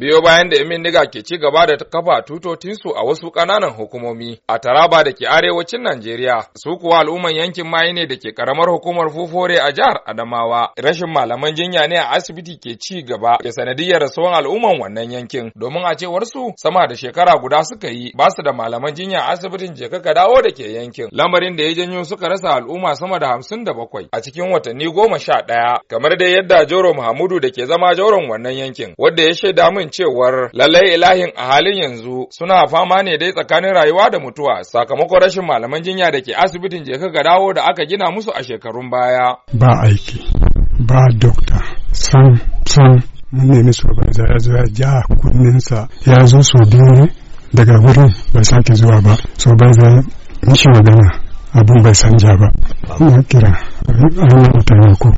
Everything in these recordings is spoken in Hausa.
biyo bayan da 'yan niga ke ci gaba da kafa tutotinsu a wasu ƙananan hukumomi a Taraba da ke arewacin Najeriya, su kuwa al'umman yankin maye ne da ke ƙaramar hukumar Fufore a jihar Adamawa. Rashin malaman jinya ne a asibiti ke ci gaba da sanadiyar rasuwan al'umman wannan yankin, domin a cewar su sama da shekara guda suka yi ba su da malaman jinya a asibitin je ka dawo da ke yankin. Lamarin da ya janyo suka rasa al'umma sama da hamsin da bakwai a cikin watanni goma sha ɗaya, kamar dai yadda joro Muhammadu da ke zama joron wannan yankin, wadda ya shaida min cewar lallai ilahin a halin yanzu suna fama ne dai tsakanin rayuwa da mutuwa sakamakon rashin malaman jinya da ke asibitin jeka ga dawo da aka gina musu a shekarun baya. Ba aiki, ba dokta, san, san, mun nemi shugabanza ya zo ya ja kunninsa ya zo so biyu daga wurin bai sake zuwa ba, so bai mishi magana abin bai sanja ba. Ina kira, mutane ko.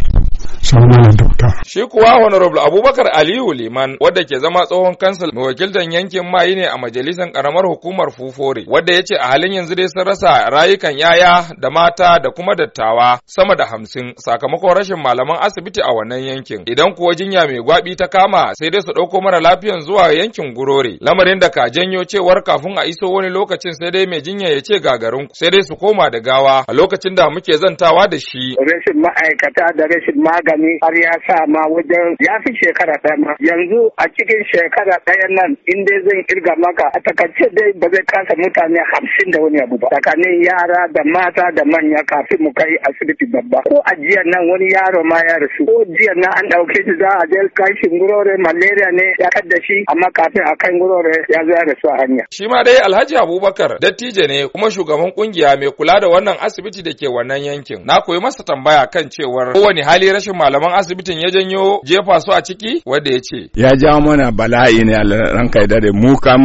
sauran dauta. Shi kuwa Honorable Abubakar Aliyu Liman wadda ke zama tsohon kansil mai wakiltar yankin mayi ne a majalisar karamar hukumar Fufore wadda ya ce a halin yanzu dai sun rasa rayukan yaya da mata da kuma dattawa sama da hamsin sakamakon rashin malaman asibiti a wannan yankin. Idan kuwa jinya mai gwabi ta kama sai dai su ɗauko mara lafiyan zuwa yankin Gurore lamarin da ka janyo cewar kafin a iso wani lokacin sai dai mai jinya ya ce gagarin sai dai su koma da gawa a lokacin da muke zantawa da shi. Rashin ma'aikata da rashin magani gani har ya sa ma wajen ya fi shekara ɗaya ma yanzu a cikin shekara ɗaya nan in dai zan kirga maka a takarce dai ba zai kasa mutane hamsin da wani abu ba tsakanin yara da mata da manya kafin mu kai asibiti babba ko a jiya nan wani yaro ma ya rasu ko jiya nan an ɗauke shi za a je kai shi gurore malaria ne ya kadda shi amma kafin a kai gurore ya zo ya rasu a hanya. shi ma dai alhaji abubakar dattijo ne kuma shugaban kungiya mai kula da wannan asibiti da ke wannan yankin na koyi masa tambaya kan cewar kowane hali rashin malaman asibitin ya janyo jefa su a ciki wadda ya ce. Ya jawo mana bala'i ne a ranka da mu kam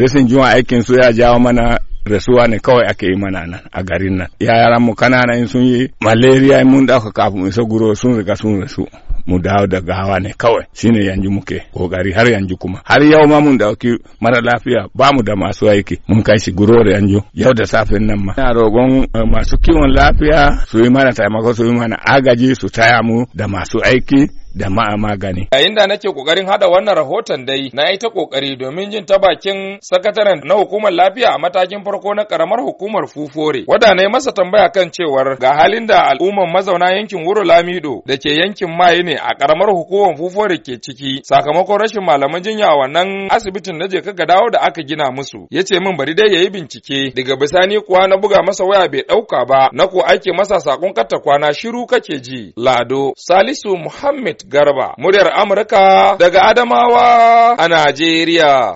rashin jiwon aikin su ya jawo mana rasuwa ne kawai ake yi mana nan a garin nan yaran mu kanana in sun yi malaria mun dauka kafin mu isa guro sun riga sun rasu mu dawo da gawa ne kawai shine yanzu muke kokari har yanzu kuma har yau ma mun dauki mara lafiya ba mu da masu aiki mun kai shi guro da yanzu yau da safin nan ma ina rogon eh, masu kiwon lafiya su yi mana taimako su yi mana agaji su taya mu da masu aiki da ma'a magani. Yayin da nake kokarin hada wannan rahoton dai na yi ta kokari domin jin ta bakin sakataren na hukumar lafiya a matakin farko na karamar hukumar Fufore. Wada na yi masa tambaya kan cewar ga halin da al'umman mazauna yankin Wuro Lamido da ke yankin Maye ne a karamar hukumar Fufore ke ciki sakamakon rashin malaman jinya a wannan asibitin na je ka dawo da aka gina musu. Ya ce min bari dai yayi bincike daga bisani kuwa na buga masa waya bai ɗauka ba na ko aike masa sakon katta kwana shiru kake ji. Lado Salisu Muhammad Garba, muryar Amurka daga Adamawa a Najeriya.